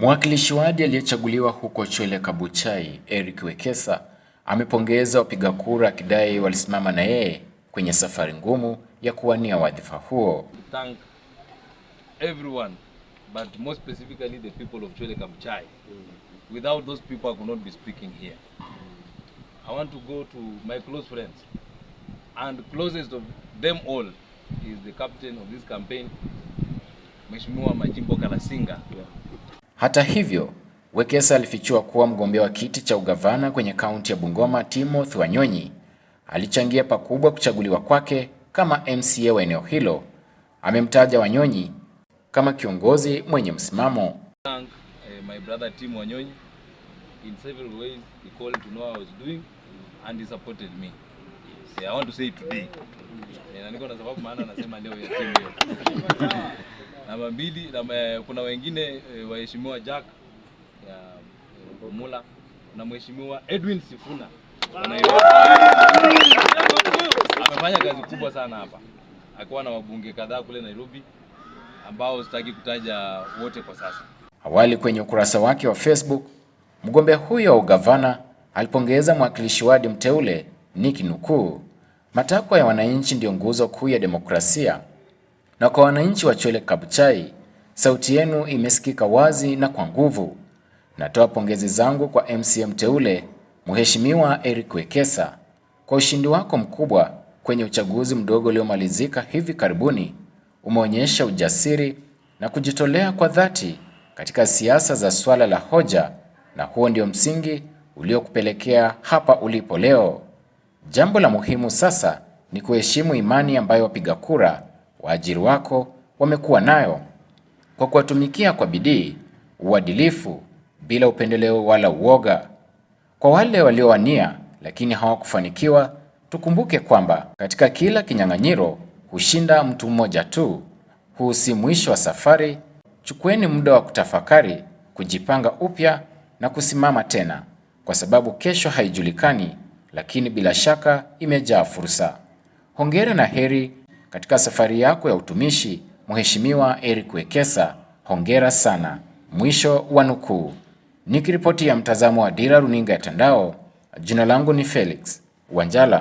Mwakilishi wadi aliyechaguliwa huko Chwele Kabuchai, Eric Wekesa amepongeza wapiga kura akidai walisimama na yeye kwenye safari ngumu ya kuwania wadhifa huo. Thank everyone but most specifically the people of Chwele Kabuchai. Without those people I could not be speaking here. I want to go to my close friends and closest of them all is the captain of this campaign Mheshimiwa Majimbo Kalasinga. Yeah. Hata hivyo, Wekesa alifichua kuwa mgombea wa kiti cha ugavana kwenye kaunti ya Bungoma, Timothy Wanyonyi, alichangia pakubwa kuchaguliwa kwake kama MCA wa eneo hilo. Amemtaja Wanyonyi kama kiongozi mwenye msimamo. Thank, uh, eh, my brother Tim Wanyonyi in several ways he called to know I was doing and he supported me. Yes. Yeah, I want to say it today. Yeah, na niko na sababu maana anasema leo ya timu hiyo. Namba mbili, namba, eh, kuna wengine eh, waheshimiwa Jack ya eh, Mula na mheshimiwa Edwin Sifuna amefanya kazi kubwa sana hapa, akiwa na wabunge kadhaa kule Nairobi ambao sitaki kutaja wote kwa sasa. Awali kwenye ukurasa wake wa Facebook, mgombea huyo wa ugavana alipongeza mwakilishi wadi mteule nikinukuu, matakwa ya wananchi ndiyo nguzo kuu ya demokrasia na kwa wananchi wa Chwele Kabuchai, sauti yenu imesikika wazi na kwa nguvu. Natoa pongezi zangu kwa MCA mteule Mheshimiwa Eric Wekesa kwa ushindi wako mkubwa kwenye uchaguzi mdogo uliomalizika hivi karibuni. Umeonyesha ujasiri na kujitolea kwa dhati katika siasa za swala la hoja, na huo ndio msingi uliokupelekea hapa ulipo leo. Jambo la muhimu sasa ni kuheshimu imani ambayo wapiga kura waajiri wako wamekuwa nayo kwa kuwatumikia kwa bidii, uadilifu, bila upendeleo wala uoga. Kwa wale waliowania lakini hawakufanikiwa, tukumbuke kwamba katika kila kinyang'anyiro hushinda mtu mmoja tu. Huu si mwisho wa safari. Chukueni muda wa kutafakari, kujipanga upya na kusimama tena, kwa sababu kesho haijulikani, lakini bila shaka imejaa fursa. Hongera na heri katika safari yako ya utumishi, Mheshimiwa Eric Wekesa, hongera sana. Mwisho wa nukuu. Nikiripoti ya mtazamo wa Dira Runinga ya Tandao, jina langu ni Felix Wanjala.